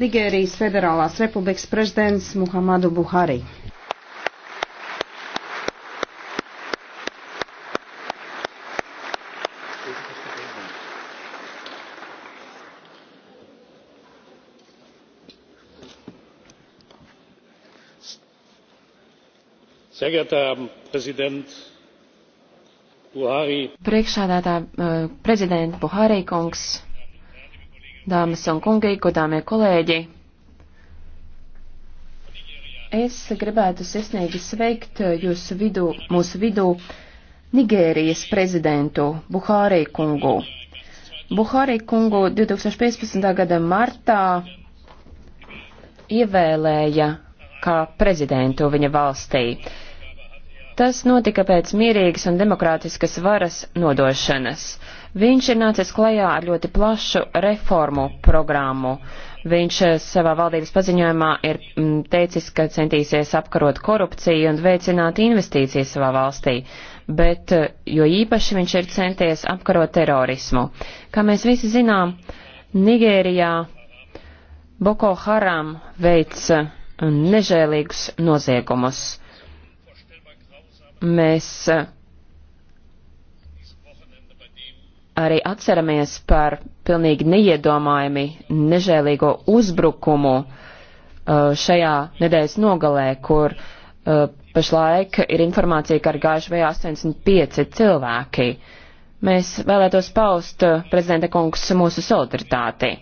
Nigērijas Federālās republikas prezidents Muhamadu Buhari. Sehr geehrter Herr Präsident Buhari! Priekšsādātā uh, eh, prezidenta Buhari kungs! Dāmas un kungi, godāmie kolēģi, es gribētu sirsnīgi sveikt jūsu vidū, mūsu vidū Nigērijas prezidentu Buhārī kungu. Buhārī kungu 2015. gada martā ievēlēja kā prezidentu viņa valstī. Tas notika pēc mierīgas un demokrātiskas varas nodošanas. Viņš ir nācis klajā ar ļoti plašu reformu programmu. Viņš eh, savā valdības paziņojumā ir mm, teicis, ka centīsies apkarot korupciju un veicināt investīcijas savā valstī, bet eh, jo īpaši viņš ir centies apkarot terorismu. Kā mēs visi zinām, Nigērijā Boko Haram veic eh, nežēlīgus noziegumus mēs eh, arī atceramies par pilnīgi neiedomājami nežēlīgo uzbrukumu eh, šajā nedēļas nogalē, kur eh, pašlaik ir informācija, ka ir gājuši vajā 85 cilvēki. Mēs vēlētos paust prezidenta kungs mūsu solidaritāti.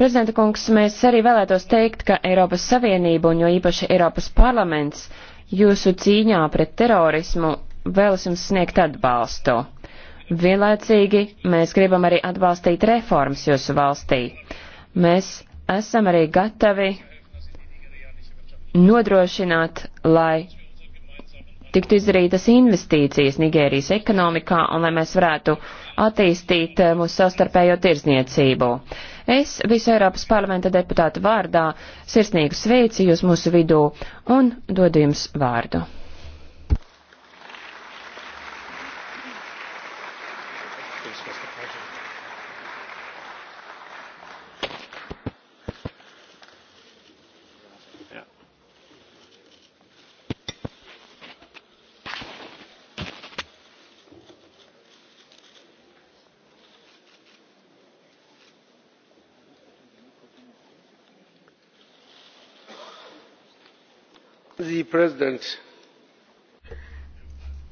Prezidenta kungs, mēs arī vēlētos teikt, ka Eiropas Savienība un jo īpaši Eiropas parlaments uh, jūsu cīņā pret terorismu vēlas jums sniegt atbalstu. Vienlaicīgi mēs gribam arī atbalstīt reformas jūsu valstī. Mēs esam arī gatavi nodrošināt, lai tiktu izdarītas investīcijas Nigērijas ekonomikā un lai mēs varētu attīstīt eh, mūsu savstarpējo tirzniecību. Es visu Eiropas parlamenta deputātu vārdā sirsnīgu sveici jūs mūsu vidū un dodu jums vārdu.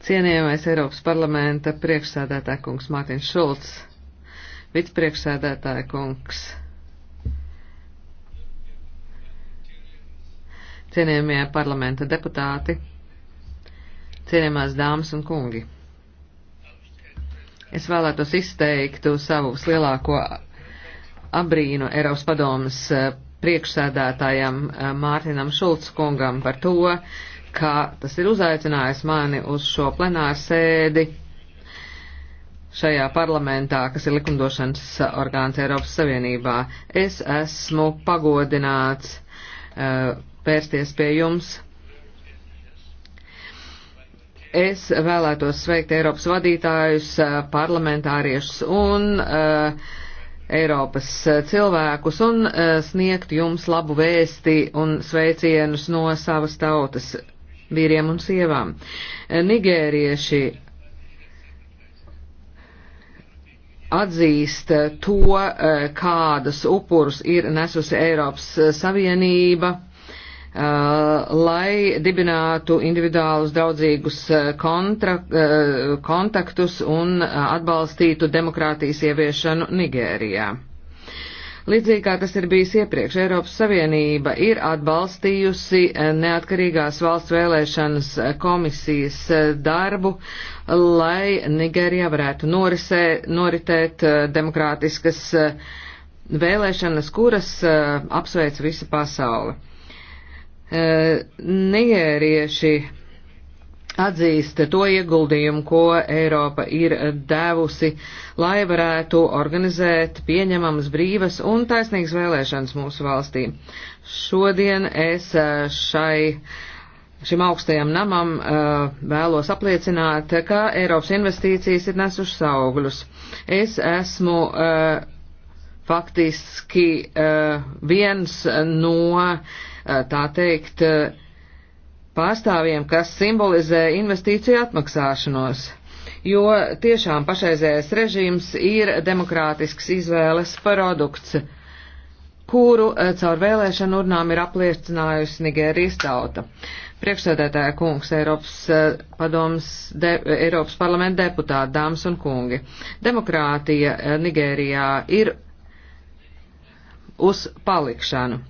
Cienījamais Eiropas parlamenta priekšsēdētāja kungs Mārtiņš Šulcs, vicepriekšsēdētāja kungs, cienījamie parlamenta deputāti, cienījamās dāmas un kungi. Es vēlētos izteikt savu vislielāko abrīnu Eiropas padomas eh, priekšsēdētājam eh, Mārtinam Šulckungam par to, ka tas ir uzaicinājis mani uz šo plenāru sēdi šajā parlamentā, kas ir likumdošanas orgāns Eiropas Savienībā. Es esmu pagodināts eh, vērsties pie jums. Es vēlētos sveikt Eiropas vadītājus, eh, parlamentāriešus un uh, Eiropas eh, cilvēkus un eh, sniegt jums labu vēsti un sveicienus no savas tautas vīriem un sievām. Eh, nigērieši atzīst to, kādas upurus ir nesusi Eiropas Savienība Uh, lai dibinātu individuālus draudzīgus uh, kontra, uh, kontaktus un atbalstītu demokrātijas ieviešanu Nigērijā. Līdzīgi kā tas ir bijis iepriekš, Eiropas Savienība ir atbalstījusi neatkarīgās valsts vēlēšanas komisijas darbu, lai Nigērijā varētu norisē, noritēt demokrātiskas vēlēšanas, kuras apsveic visa pasaule. E, Nigērieši atzīst to ieguldījumu, ko Eiropa ir devusi, lai varētu organizēt pieņemamas brīvas un taisnīgas vēlēšanas mūsu valstī. Šodien es e, šai, šim augstajam namam e, vēlos apliecināt, ka Eiropas investīcijas ir nesušas augļus. Es esmu faktiski viens no tā teikt, pārstāvjiem, kas simbolizē investīciju atmaksāšanos, jo tiešām pašreizējais režīms ir demokrātisks izvēles produkts, kuru caur vēlēšanu urnām ir apliecinājusi Nigērijas tauta. Priekšsēdētāja kungs, Eiropas, padoms, de, Eiropas parlamenta deputāti, dāmas un kungi. Demokrātija Nigērijā ir uz palikšanu.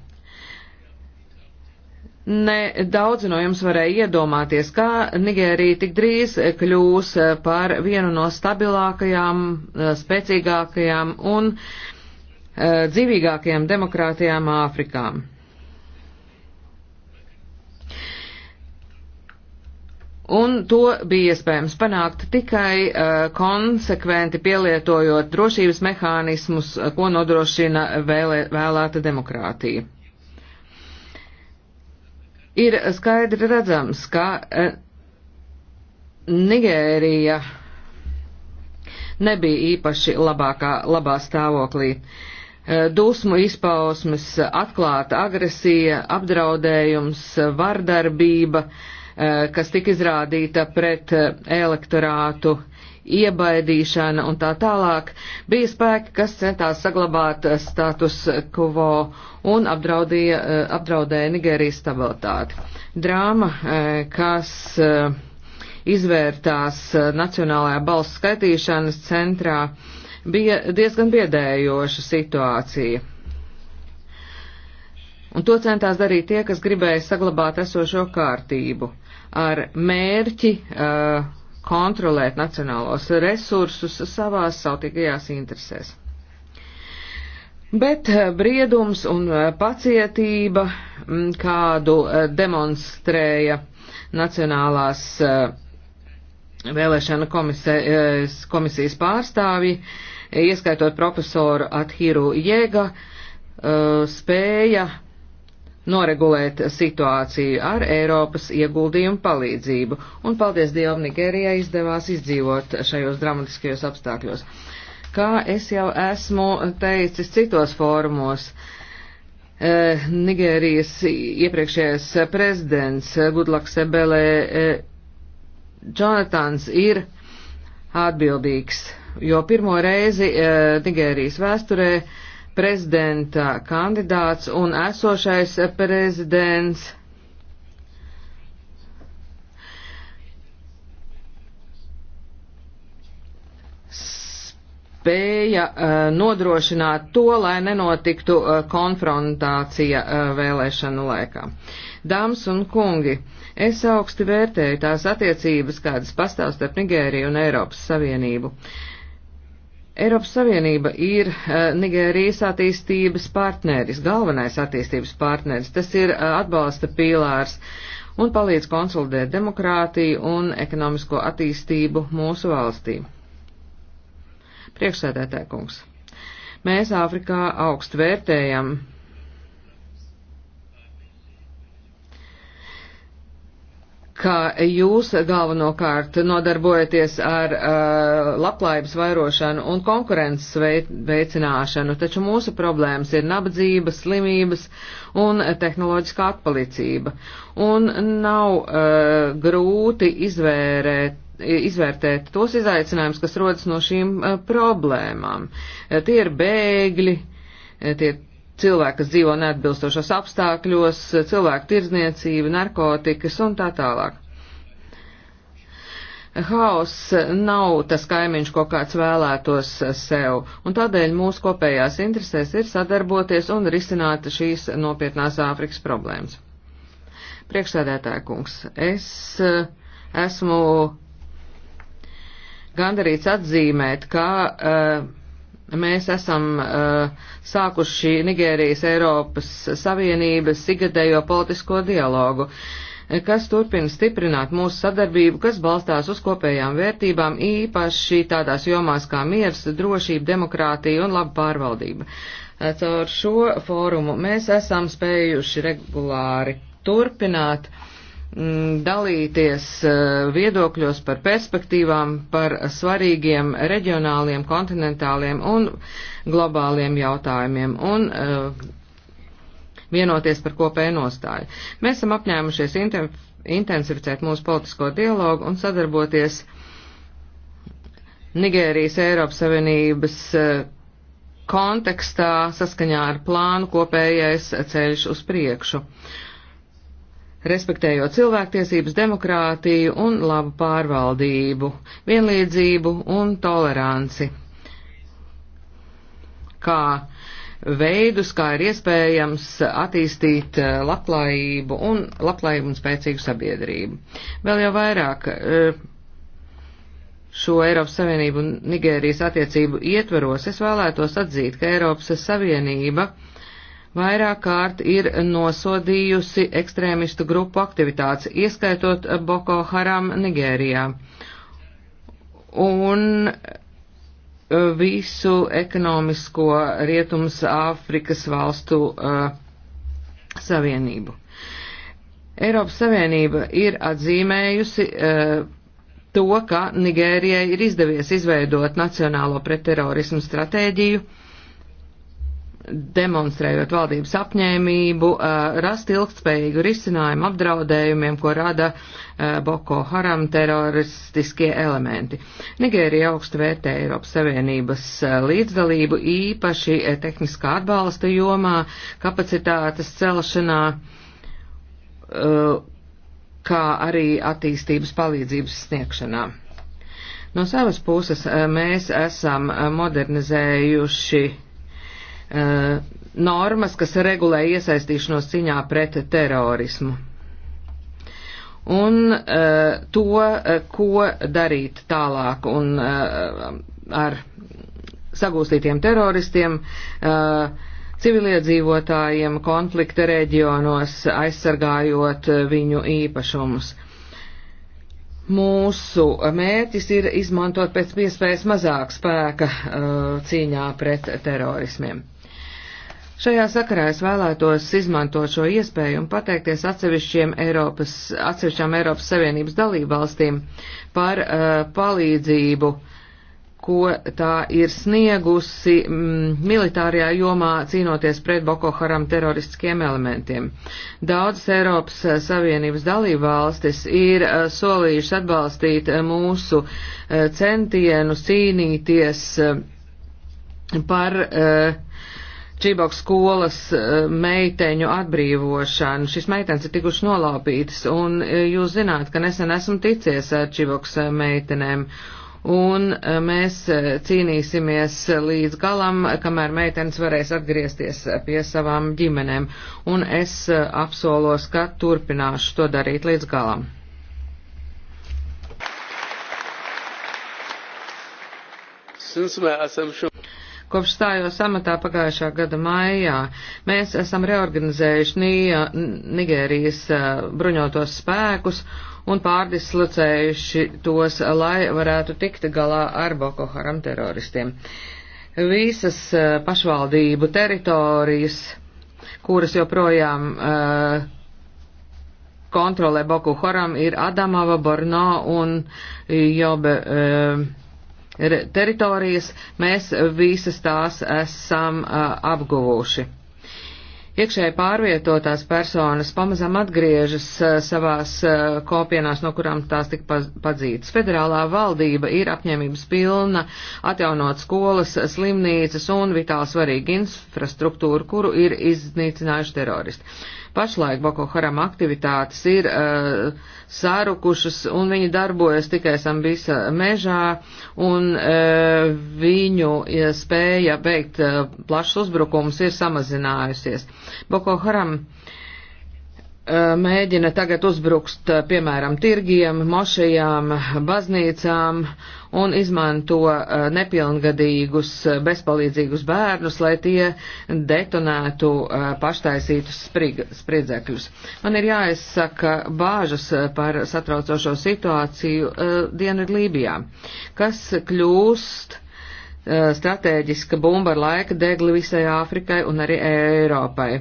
Ne daudz no jums varēja iedomāties, kā Nigērija tik drīz kļūs par vienu no stabilākajām, eh, spēcīgākajām un eh, dzīvīgākajām demokrātijām Āfrikām. Un to bija iespējams panākt tikai uh, konsekventi pielietojot drošības mehānismus, ko nodrošina vēlē, vēlēta demokrātija ir skaidri redzams, ka eh, Nigērija nebija īpaši labākā, labā stāvoklī. Eh, Dūsmu izpausmes, atklāta agresija, apdraudējums, vardarbība, eh, kas tika izrādīta pret elektorātu uh, iebaidīšana un tā tālāk, bija spēki, kas centās saglabāt status quo un eh, apdraudēja Nigērijas stabilitāti. Drāma, eh, kas eh, izvērtās Nacionālajā balsu skaitīšanas centrā, bija diezgan biedējoša situācija. Un to centās darīt tie, kas gribēja saglabāt esošo kārtību ar mērķi uh, kontrolēt nacionālos resursus savās sautīgajās interesēs. Bet eh, briedums un eh, pacietība, mm, kādu eh, demonstrēja Nacionālās vēlēšana komisijas, komisijas pārstāvji, ieskaitot profesoru Athiru Jēga, spēja noregulēt situāciju ar Eiropas ieguldījumu palīdzību. Un paldies Dievam, Nigērijai izdevās izdzīvot šajos dramatiskajos apstākļos. Kā es jau esmu teicis citos fórumos, eh, Nigērijas iepriekšējais prezidents Gudlaks Sebelē eh, Jonatans ir atbildīgs, jo pirmo reizi eh, Nigērijas vēsturē prezidenta kandidāts un esošais prezidents. spēja uh, nodrošināt to, lai nenotiktu uh, konfrontācija uh, vēlēšanu laikā. Dāmas un kungi, es augsti vērtēju tās attiecības, kādas pastāv starp Nigēriju un Eiropas Savienību. Uh, Eiropas Savienība ir uh, Nigērijas attīstības partneris, galvenais attīstības partneris. Tas ir uh, atbalsta pīlārs un palīdz konsolidēt demokrātiju un ekonomisko attīstību mūsu valstī. Priekšsēdētāj kungs, mēs Āfrikā augstu vērtējam ka jūs galvenokārt nodarbojaties ar uh, labklājības vairošanu un konkurences veicināšanu, taču mūsu problēmas ir nabadzība, slimības un tehnoloģiskā atpalicība. Un nav uh, grūti izvērēt izvērtēt tos izaicinājumus, kas rodas no šīm uh, problēmām. Uh, tie ir bēgļi, uh, tie ir cilvēki, kas dzīvo neatbilstošos apstākļos, cilvēku tirdzniecība, narkotikas un tā tālāk. Haoss nav tas kaimiņš, ko kāds vēlētos sev, un tādēļ mūsu kopējās interesēs ir sadarboties un risināt šīs nopietnās Āfrikas problēmas. Priekšsēdētāja kungs, es eh, esmu gandarīts atzīmēt, ka uh, Mēs esam uh, sākuši Nigērijas Eiropas Savienības igadējo politisko dialogu, eh, kas turpina stiprināt mūsu sadarbību, kas balstās uz kopējām vērtībām, īpaši tādās jomās kā miers, drošība, demokrātija un laba pārvaldība. Eh, caur šo fórumu mēs esam spējuši regulāri turpināt uh, Mm, dalīties eh, viedokļos par perspektīvām, par svarīgiem reģionāliem, kontinentāliem un globāliem jautājumiem un eh, vienoties par kopēju nostāju. Mēs esam apņēmušies intensificēt mūsu politisko dialogu un sadarboties Nigērijas Eiropas Savienības eh, kontekstā saskaņā ar plānu kopējais ceļš uz priekšu. Uh, respektējot cilvēktiesības, demokrātiju un labu pārvaldību, vienlīdzību un toleranci. Kā veidus, kā ir iespējams attīstīt eh, labklājību un labklājību un spēcīgu sabiedrību. Vēl jau vairāk eh, šo Eiropas Savienību un Nigērijas attiecību ietveros es vēlētos atzīt, ka Eiropas Savienība uh, vairāk kārt ir nosodījusi ekstrēmistu grupu aktivitātes, ieskaitot Boko Haram Nigērijā. Un e, visu ekonomisko rietums Āfrikas valstu uh, savienību. Eiropas Savienība ir atzīmējusi uh, to, ka Nigērijai ir izdevies izveidot nacionālo pretterorismu stratēģiju, uh, demonstrējot valdības apņēmību uh, rast ilgtspējīgu risinājumu apdraudējumiem, ko rada uh, Boko Haram teroristiskie elementi. Nigērija augstu vērtē Eiropas Savienības uh, līdzdalību īpaši tehniskā atbalsta jomā, kapacitātes celšanā, kā arī attīstības palīdzības sniegšanā. No savas puses mēs esam modernizējuši Uh, normas, kas regulē iesaistīšanos ciņā pret terorismu. Un uh, to, uh, ko darīt tālāk un uh, ar sagūstītiem teroristiem, uh, civiliedzīvotājiem konflikta reģionos, aizsargājot uh, viņu īpašumus. Mūsu mērķis ir izmantot pēc iespējas mazāk spēka uh, cīņā pret terorismiem. Šajā sakarā es vēlētos izmantot šo iespēju un pateikties atsevišķiem Eiropas, atsevišķām Eiropas Savienības dalībvalstīm par uh, palīdzību, ko tā ir sniegusi mm, militārajā jomā cīnoties pret Boko Haram teroristiskiem elementiem. Daudzas Eiropas uh, Savienības dalībvalstis ir uh, solījušas atbalstīt uh, mūsu uh, centienu cīnīties uh, par uh, Čīboks skolas eh, meiteņu atbrīvošanu. Šis meitenes ir tikuši nolaupītas, un eh, jūs zināt, ka nesen esmu ticies ar Čīboks eh, meitenēm. Un mēs cīnīsimies līdz galam, kamēr meitenes varēs atgriezties pie savām ģimenēm. Un es apsolos, ka turpināšu to darīt līdz galam. Since my assumption. Kopš stājos amatā pagājušā gada maijā mēs esam reorganizējuši Nigērijas eh, bruņotos spēkus un pārdislocējuši tos, lai varētu tikt galā ar Boko Haram teroristiem. Visas eh, pašvaldību teritorijas, kuras joprojām uh, kontrolē Boko Haram, ir Adamava, Borno un Jobe. Uh, teritorijas, mēs visas tās esam apguvuši. Iekšēji pārvietotās personas pamazām atgriežas savās kopienās, no kurām tās tika padzītas. Federālā valdība ir apņēmības pilna atjaunot skolas, slimnīcas un vitāli svarīgu infrastruktūru, kuru ir iznīcinājuši teroristi. Pašlaik Boko Haram aktivitātes ir uh, sārukušas un viņi darbojas tikai Sambisa mežā un uh, viņu ja spēja veikt uh, eh, plašs uzbrukums ir samazinājusies. Boko Haram uh, Eh, mēģina tagad uzbrukt, eh, piemēram, tirgiem, mošajām, baznīcām un izmanto eh, nepilngadīgus, bezpalīdzīgus bērnus, lai tie detonētu paštaisītus spriedzekļus. Man ir jāizsaka bāžas par satraucošo situāciju Dienvidlībijā, kas kļūst stratēģiska bumba ar laika degli visai Āfrikai un arī Eiropai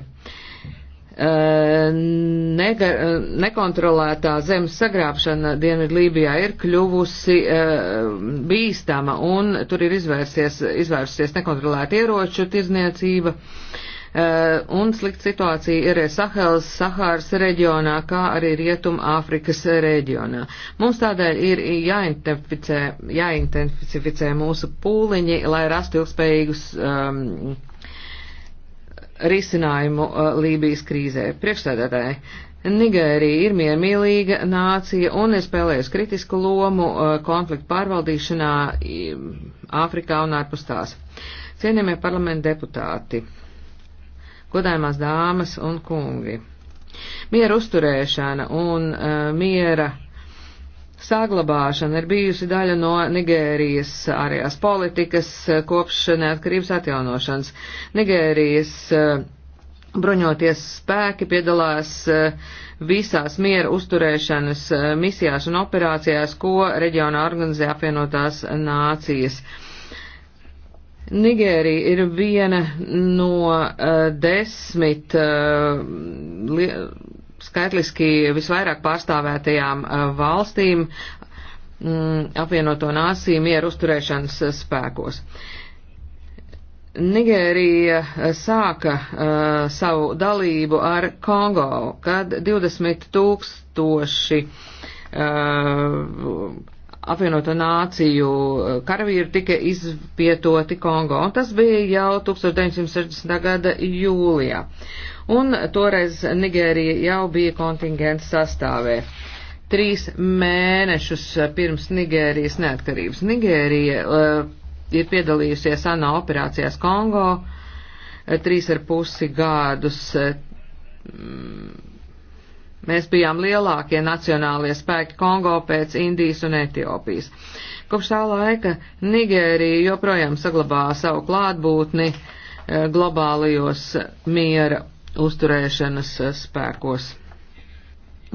Eh, nega, eh, nekontrolētā zemes sagrābšana Dienvidlībijā ir kļuvusi uh, bīstama un tur ir izvērsies, izvērsies nekontrolēta ieroču tirzniecība. Uh, un slikta situācija ir Sahels, Sahāras reģionā, kā arī Rietuma Āfrikas reģionā. Mums tādēļ ir jāintensificē, jāintensificē mūsu pūliņi, lai rastu ilgspējīgus um, risinājumu uh, Lībijas krīzē. Priekšstādātāji, Nigērija ir miermīlīga nācija un ir spēlējusi kritisku lomu uh, konfliktu pārvaldīšanā Āfrikā un ārpus tās. Cienījamie parlamenta deputāti, godājumās dāmas un kungi, miera uzturēšana un uh, miera Saglabāšana ir bijusi daļa no Nigērijas ārējās politikas eh, kopš neatkarības atjaunošanas. Nigērijas eh, bruņoties spēki piedalās eh, visās miera uzturēšanas misijās un operācijās, ko reģionā organizē apvienotās nācijas. Nigērija ir viena no uh, desmit uh, skaitliski visvairāk pārstāvētajām eh, valstīm mm, apvienoto nāciju mieru uzturēšanas eh, spēkos. Nigērija eh, sāka uh, savu dalību ar Kongo, kad 20 tūkstoši uh, apvienoto nāciju eh, karavīri tika izvietoti Kongo, un tas bija jau 1960. gada jūlijā. Un toreiz Nigērija jau bija kontingents sastāvē. Trīs mēnešus pirms Nigērijas neatkarības Nigērija uh, ir piedalījusies ANO operācijās Kongo, uh, trīs ar pusi gadus. Uh, Mēs bijām lielākie nacionālie spēki Kongo pēc Indijas un Etiopijas. Kopš tā laika Nigērija joprojām saglabā savu klātbūtni eh, globālajos miera uzturēšanas eh, spēkos.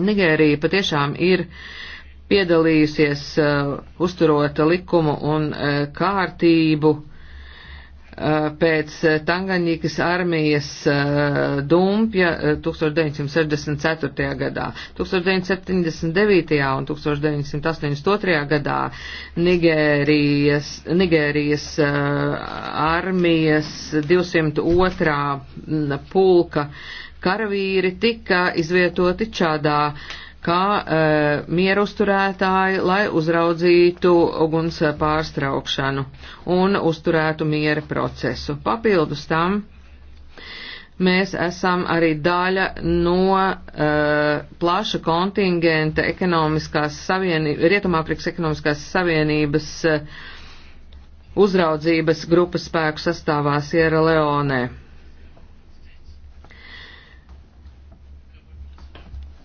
Nigērija patiešām ir piedalījusies uh, uzturot likumu un uh, kārtību uh, Eh, pēc eh, Tanganjikas armijas eh, dumpja 1964. gadā. 1979. un 1982. gadā Nigērijas, Nigērijas armijas 202. Mm, pulka karavīri tika izvietoti čādā kā e, mieru uzturētāji, lai uzraudzītu uguns pārstraukšanu un uzturētu miera procesu. Papildus tam mēs esam arī daļa no e, plaša kontingenta ekonomiskās savienības, Rietumāfrikas ekonomiskās savienības e, uzraudzības grupas spēku sastāvā Sierra Leone.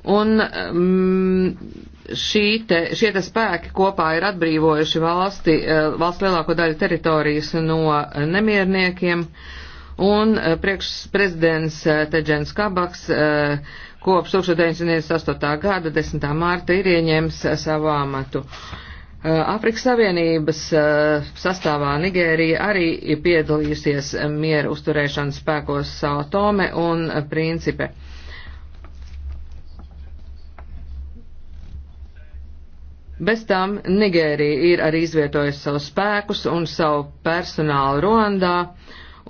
Un mm, šī te, šie te spēki kopā ir atbrīvojuši valsti, eh, valsts lielāko daļu teritorijas no eh, nemierniekiem. Un eh, priekšprezidents Teģens Kabaks kopš 1998. gada 10. mārta ir ieņēmis savu amatu. Afrikas Savienības sastāvā Nigērija arī piedalījusies miera uzturēšanas spēkos Sao Tome un Principe. Bez tam Nigērija ir arī izvietojusi savus spēkus un savu personālu Ruandā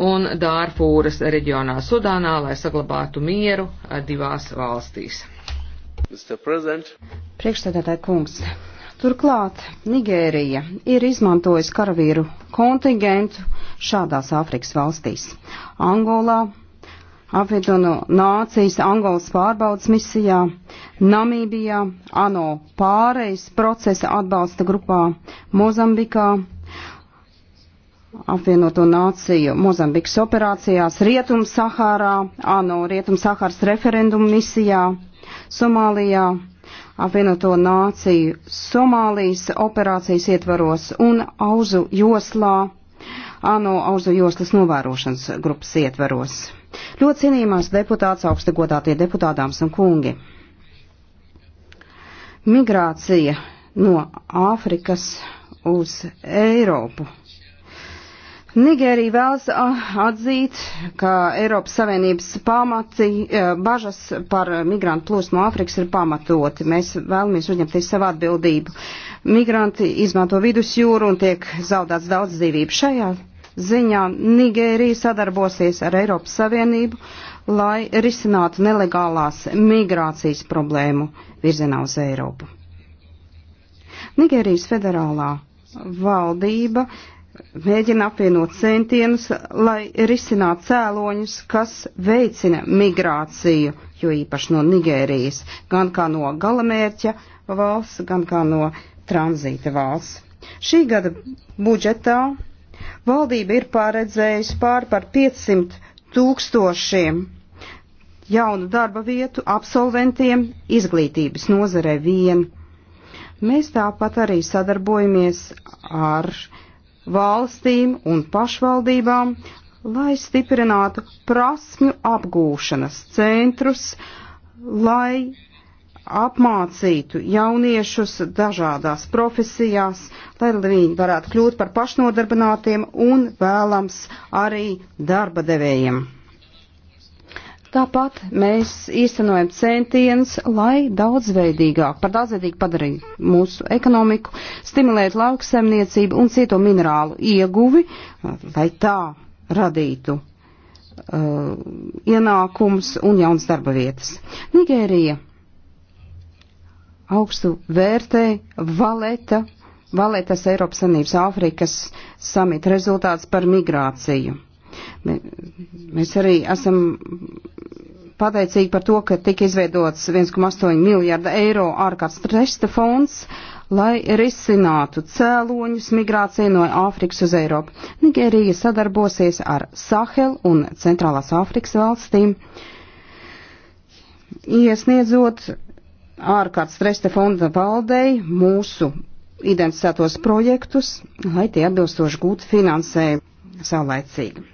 un Dārfūras reģionā Sudānā, lai saglabātu mieru divās valstīs. Priekšstādātāja kungs, turklāt Nigērija ir izmantojusi karavīru kontingentu šādās Āfrikas valstīs - Angolā, apvienoto nācijas Angolas pārbaudas misijā, Namībijā, ANO pārejas procesa atbalsta grupā Mozambikā, apvienoto nāciju Mozambikas operācijās Rietum Sahārā, ANO Rietum Sahāras referendumu misijā, Somālijā, apvienoto nāciju Somālijas operācijas ietvaros un Auzu joslā, ANO Auzu joslas novērošanas grupas ietvaros. Ļoti cienījumās deputāts, augsti godātie deputātāms un kungi. Migrācija no Āfrikas uz Eiropu. Nigērija vēlas atzīt, ka Eiropas Savienības pamati, e, bažas par migrantu plūsmu no Āfrikas ir pamatoti. Mēs vēlamies uzņemties savu atbildību. Migranti izmanto vidusjūru un tiek zaudēts daudz dzīvību. Šajā ziņā Nigērija sadarbosies ar Eiropas Savienību, lai risinātu nelegālās migrācijas problēmu virzienā uz Eiropu. Nigērijas federālā valdība mēģina apvienot centienus, lai risinātu cēloņus, kas veicina migrāciju, jo īpaši no Nigērijas, gan kā no galamērķa valsts, gan kā no tranzīta valsts. Šī gada budžetā Valdība ir pārredzējusi pār par 500 tūkstošiem jaunu darba vietu absolventiem izglītības nozarē vien. Mēs tāpat arī sadarbojamies ar valstīm un pašvaldībām, lai stiprinātu prasmju apgūšanas centrus, lai apmācītu jauniešus dažādās profesijās, lai viņi varētu kļūt par pašnodarbinātiem un vēlams arī darba devējiem. Tāpat mēs īstenojam centienus, lai daudzveidīgāk, par daudzveidīgu padarītu mūsu ekonomiku, stimulēt lauksaimniecību un cito minerālu ieguvi, lai tā radītu uh, ienākums un jauns darba vietas. Nigērija augstu vērtē valeta, valetas Eiropas Sanības Āfrikas samita rezultāts par migrāciju. Mēs arī esam pateicīgi par to, ka tika izveidots 1,8 miljārda eiro ārkārtas tresta fonds, lai risinātu cēloņus migrāciju no Āfrikas uz Eiropu. Nigērija sadarbosies ar Sahel un Centrālās Āfrikas valstīm, iesniedzot ārkārtas stresa fonda valdei mūsu identificētos projektus, lai tie atbilstoši gūtu finansējumu saulēcīgi.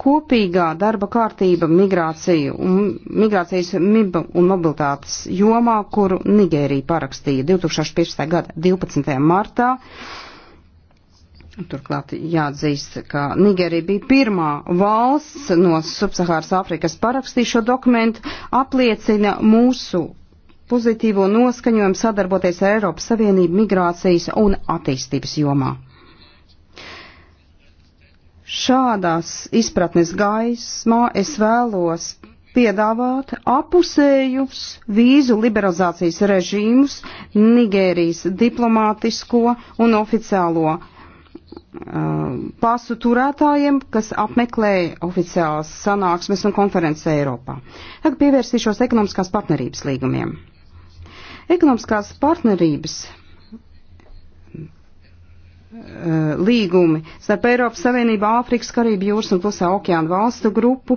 Kopīgā darba kārtība migrāciju un migrācijas miba un mobilitātes jomā, kuru Nigērija parakstīja 2015. gada 12. martā. Turklāt jāatzīst, ka Nigērija bija pirmā valsts no subsahāras Afrikas parakstīt šo dokumentu, apliecina mūsu pozitīvo noskaņojumu sadarboties ar Eiropas Savienību migrācijas un attīstības jomā. Šādās izpratnes gaismā es vēlos piedāvāt apusējus vīzu liberalizācijas režīmus Nigērijas diplomātisko un oficiālo uh, pasu turētājiem, kas apmeklēja oficiālas sanāksmes un konferences Eiropā. Tagad pievērsīšos ekonomiskās partnerības līgumiem. Ekonomiskās partnerības e, līgumi starp Eiropas Savienību, Āfrikas, Karību jūras un Klusā okeāna valstu grupu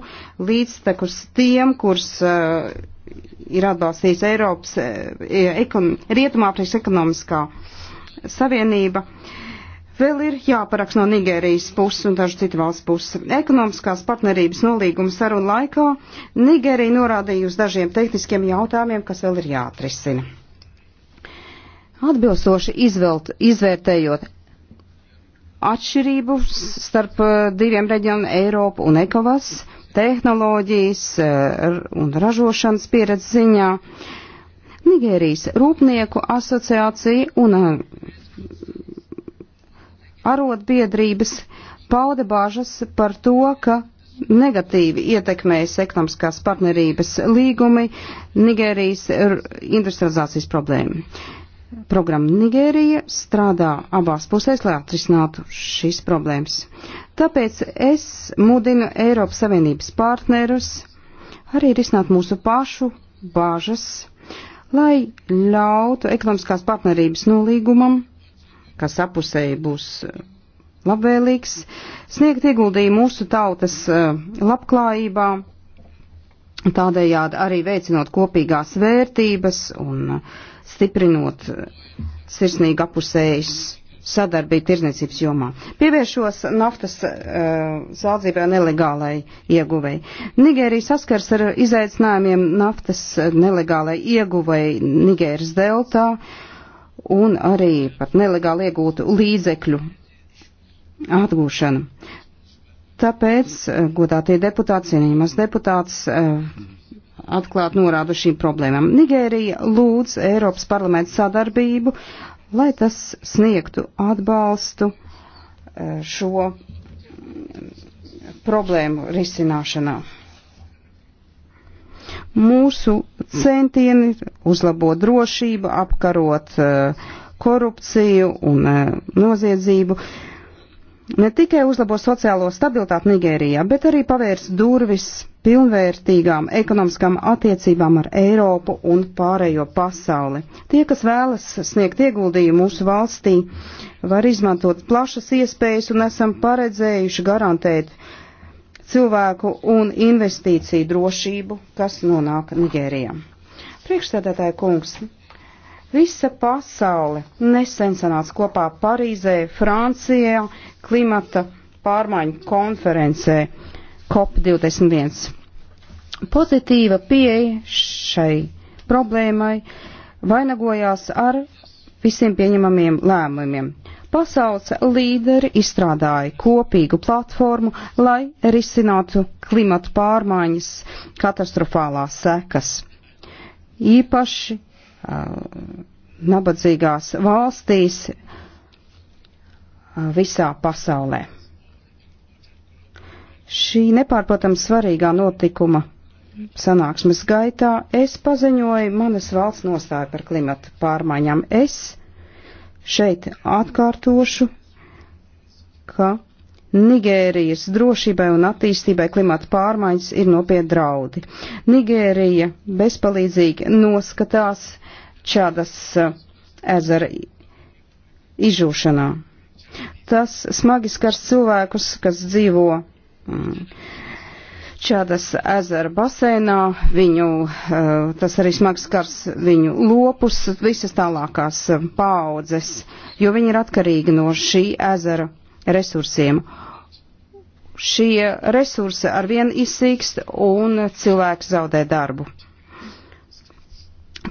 līdztekus tiem, kurus uh, e, ir atbalstījis Eiropas uh, ekon, Rietumāfrikas ekonomiskā savienība. Vēl ir jāparaks no Nigērijas puses un dažu citu valstu puses. Ekonomiskās partnerības nolīguma sarunu laikā Nigērija norādīja uz dažiem tehniskiem jautājumiem, kas vēl ir jāatrisina. Atbilstoši izvelt, izvērtējot atšķirību starp eh, diviem reģioniem Eiropu un Ekovas tehnoloģijas eh, un ražošanas pieredzi ziņā. Nigērijas Rūpnieku asociācija un eh, arotbiedrības pauda bāžas par to, ka negatīvi ietekmējas ekonomiskās partnerības līgumi Nigērijas industrializācijas problēmu. Programma Nigērija strādā abās pusēs, lai atrisinātu šīs problēmas. Tāpēc es mudinu Eiropas Savienības partnerus arī risināt mūsu pašu bāžas, lai ļautu ekonomiskās partnerības nolīgumam, kas apusēji būs uh, labvēlīgs, sniegt ieguldījumu mūsu tautas uh, labklājībā, tādējādi arī veicinot kopīgās vērtības un uh, stiprinot uh, sirsnīgi apusējas sadarbību tirdzniecības jomā. Pievēršos naftas uh, saldzībai un nelegālai ieguvēji. Nigērija saskars ar izaicinājumiem naftas uh, nelegālai ieguvēji Nigēras deltā un arī pat nelegāli iegūtu līdzekļu atgūšanu. Tāpēc, uh, godātie deputāti, cienījumās deputāts, uh, atklāt norādu šīm problēmām. Nigērija lūdz Eiropas parlamentu sadarbību, lai tas sniegtu atbalstu e, šo mm, problēmu risināšanā. Mūsu centieni uzlabot drošību, apkarot e, korupciju un e, noziedzību ne tikai uzlabo sociālo stabilitāti Nigērijā, bet arī pavērs durvis pilnvērtīgām ekonomiskām attiecībām ar Eiropu un pārējo pasauli. Tie, kas vēlas sniegt ieguldījumu mūsu valstī, var izmantot plašas iespējas un esam paredzējuši garantēt cilvēku un investīciju drošību, kas nonāk Nigērijā. Priekšstādātāja kungs, visa pasaule nesen sanāca kopā Parīzē, Francijā, klimata pārmaiņu konferencē COP21. Pozitīva pieeja šai problēmai vainagojās ar visiem pieņemamiem lēmumiem. Pasaules līderi izstrādāja kopīgu platformu, lai risinātu klimatu pārmaiņas katastrofālās sekas. Īpaši uh, nabadzīgās valstīs uh, visā pasaulē. Šī nepārprotam svarīgā notikuma sanāksmes gaitā es paziņoju manas valsts nostāju par klimata pārmaiņām. Es šeit atkārtošu, ka Nigērijas drošībai un attīstībai klimata pārmaiņas ir nopietni draudi. Nigērija bezpalīdzīgi noskatās Čadas ezera izžūšanā. Tas smagi skars cilvēkus, kas dzīvo Čādas ezera basēnā, viņu, eh, tas arī smags kars viņu lopus, visas tālākās eh, paaudzes, jo viņi ir atkarīgi no šī ezera resursiem šie resursi arvien izsīkst un cilvēks zaudē darbu.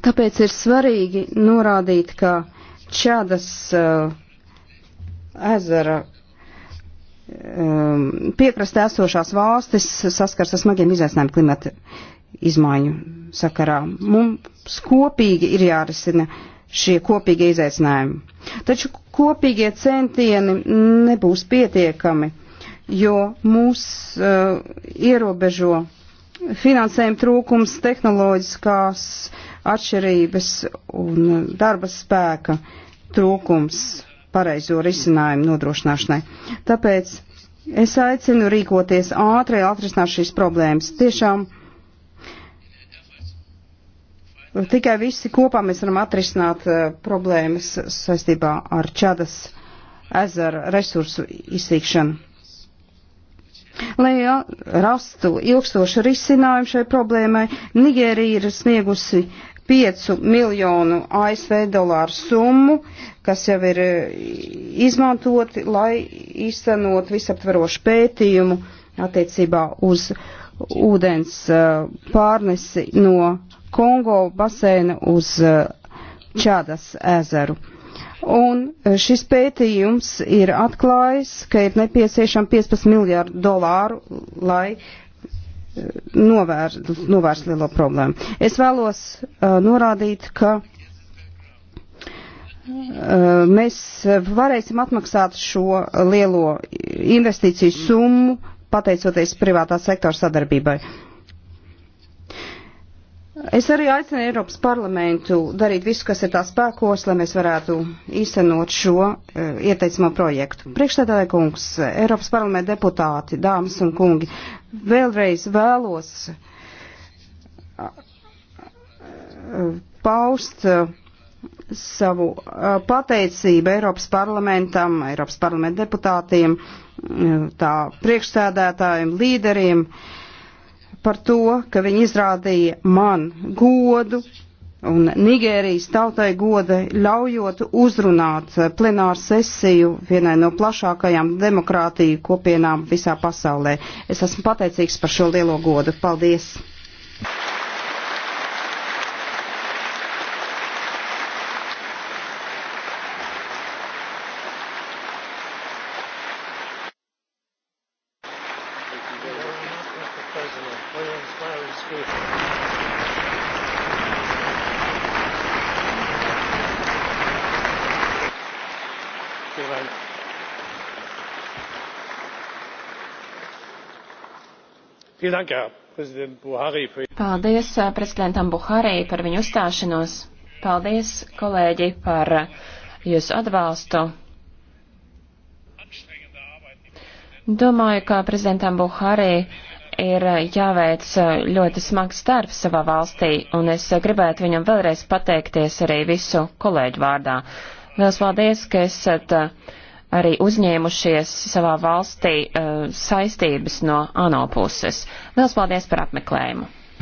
Tāpēc ir svarīgi norādīt, ka Čādas uh, eh, ezera Um, piekrastē esošās valstis saskars ar smagiem izaicinājumiem klimata izmaiņu sakarā. Mums kopīgi ir jārisina šie kopīgie izaicinājumi. Taču kopīgie centieni nebūs pietiekami, jo mūs uh, ierobežo finansējuma trūkums, tehnoloģiskās atšķirības un darba spēka trūkums pareizo risinājumu nodrošināšanai. Tāpēc es aicinu rīkoties ātri, atrisināt šīs problēmas. Tiešām tikai visi kopā mēs varam atrisināt eh, problēmas saistībā ar Čadas ezera resursu izsīkšanu. Lai rastu ilgstošu risinājumu šai problēmai, Nigērija ir sniegusi uh, 5 miljonu ASV dolāru summu, kas jau ir eh, izmantoti, lai izcenot visaptverošu pētījumu attiecībā uz ūdens eh, pārnesi no Kongo basēna uz eh, Čādas ezeru. Un šis pētījums ir atklājis, ka ir nepieciešama 15 miljārdu dolāru, lai novēr, novērst lielo problēmu. Es vēlos uh, norādīt, ka uh, mēs varēsim atmaksāt šo lielo investīciju summu pateicoties privātā sektora sadarbībai. Uh, Es arī aicinu Eiropas parlamentu darīt visu, kas ir tā spēkos, lai mēs varētu īstenot šo uh, ieteicamo projektu. Priekšstādāja kungs, Eiropas parlamenta deputāti, dāmas un kungi, vēlreiz vēlos paust e, savu pateicību Eiropas parlamentam, Eiropas parlamenta deputātiem, e, tā priekšstādētājiem, līderiem. Uh, par to, ka viņi izrādīja man godu un Nigērijas tautai goda ļaujot uzrunāt plenāru sesiju vienai no plašākajām demokrātiju kopienām visā pasaulē. Es esmu pateicīgs par šo lielo godu. Paldies! Paldies eh, prezidentam Buharī par viņu uzstāšanos. Paldies, kolēģi, par eh, jūsu atbalstu. Domāju, ka prezidentam Buharī ir eh, jāveic ļoti smags darbs savā valstī, un es gribētu viņam vēlreiz pateikties arī visu kolēģu vārdā. Liels paldies, ka esat uh, arī uzņēmušies savā valstī uh, saistības no ANO puses. Liels paldies par apmeklējumu!